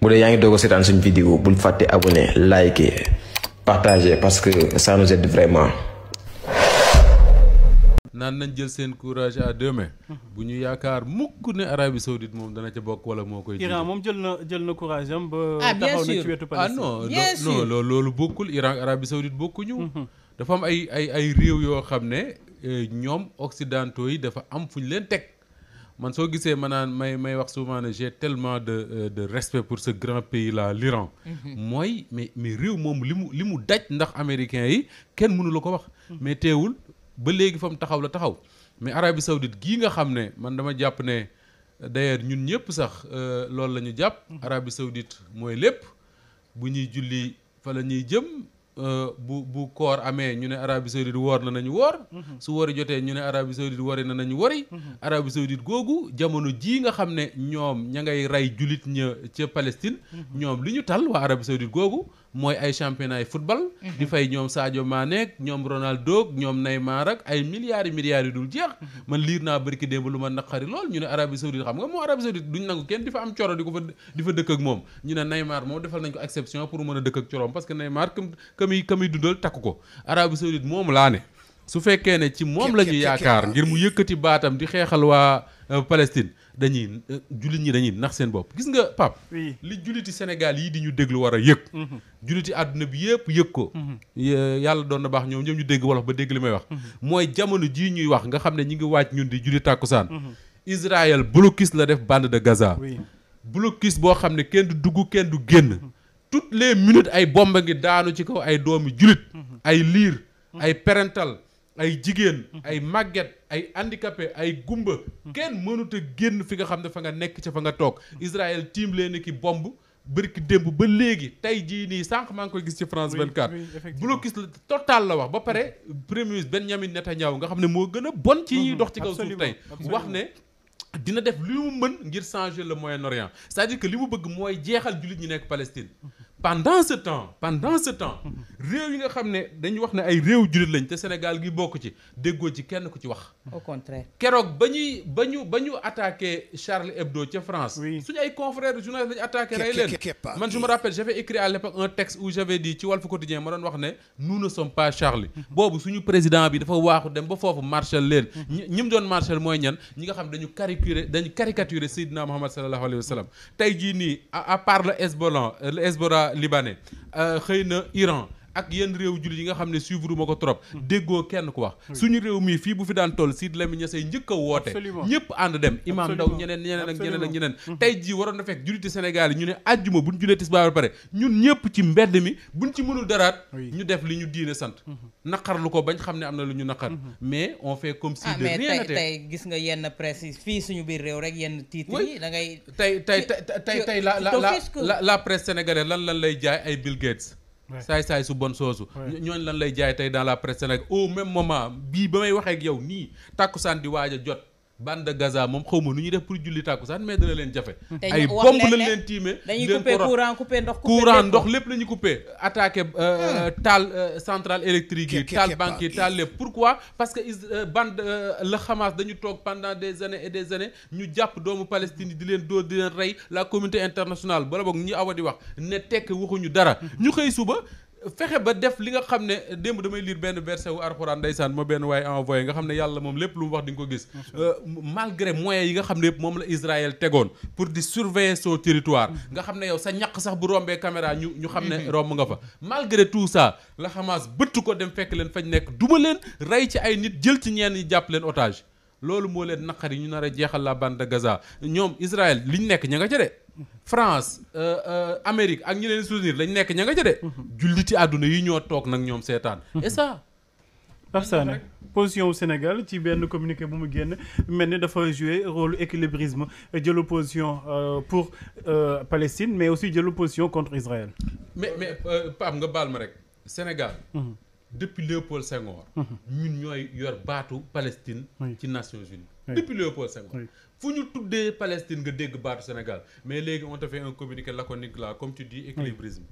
Vous vous que vous dans une suñu vidéo vous abonner, liker partager parce que ça nous aide vraiment. Nous nañ jël courage à demain. mains. Mhm. Arabie Saoudite dana ca courage non, bien sûr Non, non, non, non non Iran Arabie Saoudite non, mhm. dafa am ay ay ay réew non, non, euh, occidentaux yi dafa am man soo gisee ma naan may may wax souvent ne j'ai tellement de euh, de respect pour ce grand pays là l'Iran mhm. mooy mais mais réew moom li mu li mu daj ndax américain yi kenn mënu la ko wax mhm. mais teewul ba léegi fa mu taxaw la taxaw mais Arabie Saoudite gii nga xam ne man dama jàpp ne d'ailleurs ñun ñëpp sax euh, loolu la ñu jàpp mhm. Arabie Saoudite mooy lépp bu ñuy julli fa la ñuy jëm Euh, bu bu koor amee ñu ne Arabie Saoudite woor na nañu woor mhm. su wori jotee ñu ne Arabie Saoudite wori na nañu wori mhm. Arabie Saoudite googu jamono jii nga xam ne ñoom ña ngay rey julit ña ca Palestine mhm. ñoom li ñu tal waa Arabie Saoudite googu mooy ay championnat yi football. Mhm. di fay ñoom Sadio Mané ñoom Ronaldo ñoom Neymar ak ay milliards yi milliards yu dul jeex. Mhm. man liir naa barki démb lu ma naqari lool ñu ne Arabie Saoudite xam nga moom Arabie Saoudite duñ nangu kenn di fa am coro di ko fa di fa dëkk ak moom ñu ne Neymar moom defal nañ ko exception pour mën a dëkk ak coroom parce que Neymar kam kamiy kamiy dundal takku ko Arabie Saoudite moomu laa ne su fekkee ne ci moom la ñu yaakaar ngir mu yëkkati baatam di xeexal waa. Euh, Palestine dañuy euh, jullit ñi dañuy nax seen bopp gis nga Pape. li julliti Sénégal yii di ñu déglu war a yëg. Mhm. julliti àdduna bi yëpp yëg ko. Mhm. yàlla doon na baax ñoom ñoom ñu dégg wolof ba dégg li may wax. Mhm. mooy jamono jii ñuy wax nga xam ne ñi ngi wàcc ñun di julli tàkkusaan Israël blocus la def bande de Gaza. blocus boo xam ne kenn du dugg kenn du génn. toutes les minutes ay bomba ngi daanu ci kaw ay doomi julit ay liir ay perental ay jigéen mhm. ay màgget ay handicapé ay gumba mhm. kenn mënut a génn fi nga xam ne fa nga nekk ca fa nga toog mhm. Israël tiim leen ki bomb bërki démb ba léegi tey jii nii sànq maa ngi koy gis ci France 24 blocus total la wax ba pare premier ministre Benjamin Netanyahu nga xam ne moo gën a bon ci ñuy dox ci kaw suuf tey wax ne dina def li mu mën ngir changer le Moyen-Orient c'est-à-dire que li mu bëgg mooy jeexal jullit ñi nekk Palestine pendant ce temps pendant ce temps réew yi nga xam ne dañu wax ne ay réew jullit lañ te Sénégal gi bokk ci déggoo ci kenn ku ci wax. au contraire keroog ba ñuy ba ñu ba ñu attaqué Charles Hebdo ca France. oui suñu ay confrères journalistes lañu attaqué. rey leen man je me rappelle j'avais écrit à l'époque un texte où j'avais dit ci Walf Quotidien ma doon wax ne nous ne sommes pas Charlie. Mhm. boobu suñu président bi dafa waaxu dem ba foofu marshal leen. ñi mu doon marshal mooy ñan ñi nga xam dañu caricaturé dañu caricaturé Seydina Mohamed sallallahu alayhi wa sallam mhm. tey jii nii à part le Hezbollah euh, le Hezbollah libanais euh, xëy na Iran ak yenn réew jullit yi nga xam ne suivre ma ko trop hmm. déggoo kenn ku wax hmm. suñu réew mii fii bu fi daan toll Sidy Lamine Niasse njëkk a woote ñëpp ànd dem imaam ndaw ñeneen ñeneen ak ñeneen ak ñeneen hmm. tey jii waroon na fekk julliti Sénégal yi ñu ne àjjuma buñ julee tisbaar ba pare ñun ñëpp ci mbedd mi buñ ci mënul daraat ñu def li ñu diine sant naqar lu ko bañ xam ne am na lu ñu naqar mais on fait comme si de ah, tey gis nga yenn presse yi suñu biir réew rek yenn titre yi da ngay tey tey tey tey la la la presse sénégalaise lan lan lay jaay ay Bill Gates saay-saay su bon soosu ñooñ lan lay jaay tey dans la presse Sénégal au même moment bii ba may waxee ak yow nii tàkkusaan di waaj a jot bande de Gaza moom xaw ma nu ñuy def pour julli tàkkusaan mais dana leen jafe. ay bomb lañ leen tiime. dañuy coupé courant coupé ndox coupé courant ndox lépp la ñuy coupé. attaqué euh, hmm. euh, taal euh, centrale électrique tal taal banque yi taal lépp pourquoi. parce que bande le Hamas dañu toog pendant des années et des années ñu jàpp doomu Palestine di leen dóor di leen rey la communauté internationale bala boog ñi awa di wax ne tekk waxuñu dara. Hmm. ñu xëy suba. fexe ba def li nga xam ne démb damay liir benn verset wu arxuraan ndeysaan ma benn waaye envoyé nga xam ne yàlla moom lépp lu mu wax di ko gis euh, malgré moyens yi nga xam ne yëpp moom la Israël tegoon pour di surveiller son territoire mm-hmm. nga xam ne yow sa ñaq sax bu rombee kamera ñu ñu xam ne mm-hmm. romb nga fa malgré tout ça la Hamas bëtt ko dem fekk leen fa ñu nekk duma leen rey ci ay nit jël ci ñeen ñi jàpp leen otage loolu moo leen naqar yi ñu nar a jeexal la bande de Gaza ñoom Israël liñ nekk ña nga ca France euh, euh, Amérique ak ñi leen souvenir lañ nekk ña de. julliti yi ñoo et ça. que position Sénégal ci benn communiqué bu mu génn mel dafa jouer rôle équilibrisme de position euh, pour Palestine mais aussi de position contre Israël. mais mais nga ma Sénégal. Mm-hmm. depuis Léopold Senghor. Mhm. ñun ñooy yor baatu Palestine. ci Nations Unies. depuis Léopold Senghor. fu ñu tuddee Palestine nga dégg baatu Sénégal mais léegi on te fait un communiqué laconique là comme tu dis équilibrisme.